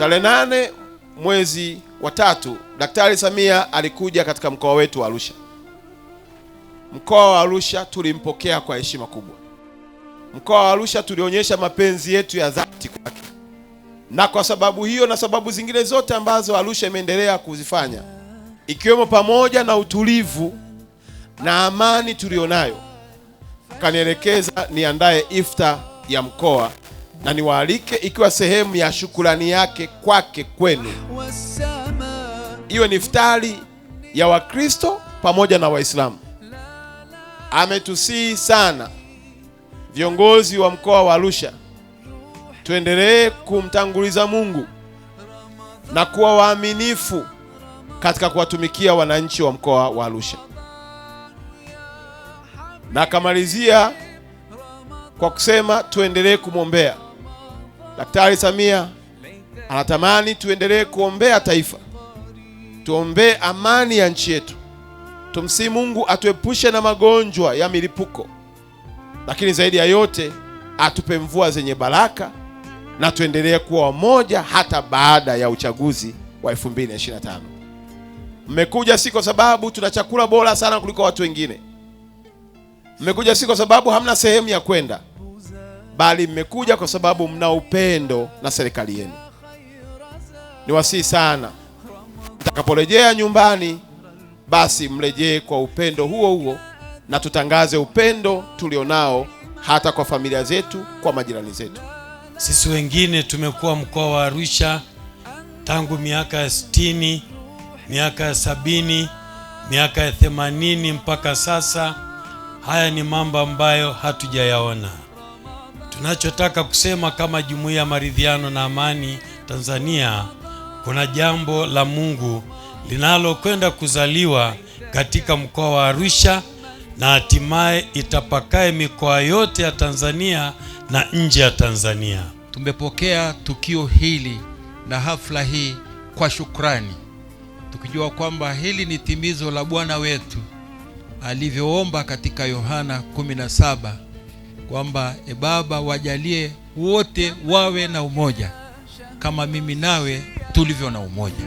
Tarehe nane mwezi wa tatu Daktari Samia alikuja katika mkoa wetu wa Arusha. Mkoa wa Arusha tulimpokea kwa heshima kubwa. Mkoa wa Arusha tulionyesha mapenzi yetu ya dhati kwake, na kwa sababu hiyo na sababu zingine zote ambazo Arusha imeendelea kuzifanya ikiwemo pamoja na utulivu na amani tulionayo, akanielekeza niandae ifta ya mkoa na niwaalike, ikiwa sehemu ya shukurani yake kwake kwenu, iwe ni iftari ya Wakristo pamoja na Waislamu. Ametusihi sana viongozi wa mkoa wa Arusha tuendelee kumtanguliza Mungu na kuwa waaminifu katika kuwatumikia wananchi wa mkoa wa Arusha. Na akamalizia kwa kusema tuendelee kumwombea Daktari Samia anatamani tuendelee kuombea taifa, tuombee amani ya nchi yetu, tumsii Mungu atuepushe na magonjwa ya milipuko, lakini zaidi ya yote atupe mvua zenye baraka na tuendelee kuwa wamoja hata baada ya uchaguzi wa 2025. Mmekuja si kwa sababu tuna chakula bora sana kuliko watu wengine. Mmekuja si kwa sababu hamna sehemu ya kwenda bali mmekuja kwa sababu mna upendo na serikali yenu. Niwasihi sana, mtakaporejea nyumbani, basi mrejee kwa upendo huo huo, na tutangaze upendo tulionao hata kwa familia zetu, kwa majirani zetu. Sisi wengine tumekuwa mkoa wa Arusha tangu miaka ya sitini, miaka ya sabini, miaka ya themanini mpaka sasa. Haya ni mambo ambayo hatujayaona. Nachotaka kusema kama Jumuiya ya Maridhiano na Amani Tanzania, kuna jambo la Mungu linalokwenda kuzaliwa katika mkoa wa Arusha na hatimaye itapakae mikoa yote ya Tanzania na nje ya Tanzania. Tumepokea tukio hili na hafla hii kwa shukrani, tukijua kwamba hili ni timizo la Bwana wetu alivyoomba katika Yohana 17 kwamba e Baba, wajalie wote wawe na umoja kama mimi nawe tulivyo na umoja